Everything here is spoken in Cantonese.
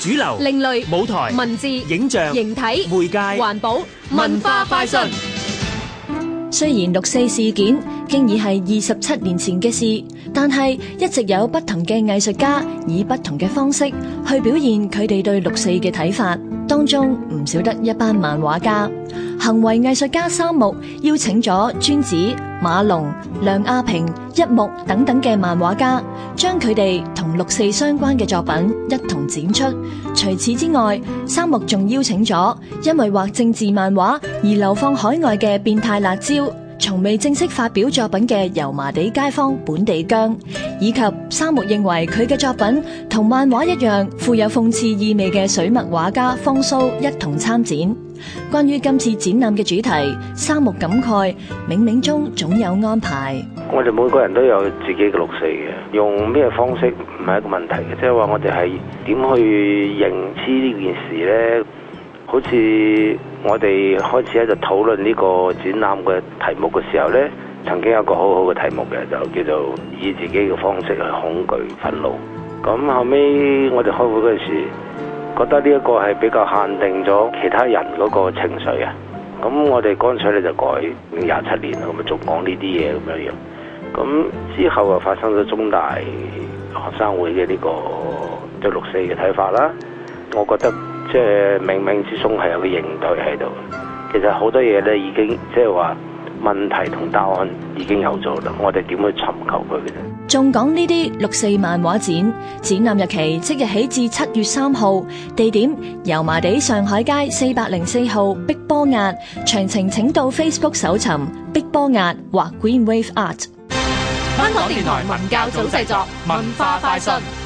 主流、另類、舞台、文字、影像、形體、媒介、環保、文化快訊。雖然六四事件經已係二十七年前嘅事，但係一直有不同嘅藝術家以不同嘅方式去表現佢哋對六四嘅睇法。當中唔少得一班漫畫家，行為藝術家三木邀請咗尊子、馬龍、梁亞平、一木等等嘅漫畫家，將佢哋同六四相關嘅作品一同展出。除此之外，三木仲邀請咗因為畫政治漫畫而流放海外嘅變態辣椒。從未正式發表作品嘅油麻地街坊本地姜，以及三木認為佢嘅作品同漫畫一樣富有諷刺意味嘅水墨畫家方蘇一同參展。關於今次展覽嘅主題，三木感慨：冥冥中總有安排。我哋每個人都有自己嘅六四嘅，用咩方式唔係一個問題嘅，即係話我哋係點去認知呢件事呢。好似我哋開始喺度討論呢個展覽嘅題目嘅時候咧，曾經有個好好嘅題目嘅，就叫做以自己嘅方式去恐懼、憤怒。咁後尾我哋開會嗰陣時，覺得呢一個係比較限定咗其他人嗰個情緒啊，咁我哋乾脆咧就改廿七年啦，咁咪仲講呢啲嘢，咁樣樣，咁之後又發生咗中大學生會嘅呢個對六四嘅睇法啦。我覺得。即係冥冥之中係有個應對喺度，其實好多嘢咧已經即係話問題同答案已經有咗啦。我哋點去尋求佢咧？仲講呢啲六四漫畫展展覽日期即日起至七月三號，地點油麻地上海街四百零四號碧波押，詳情請到 Facebook 搜尋碧波押或 Green Wave Art。香港電台文教組製作文化快訊。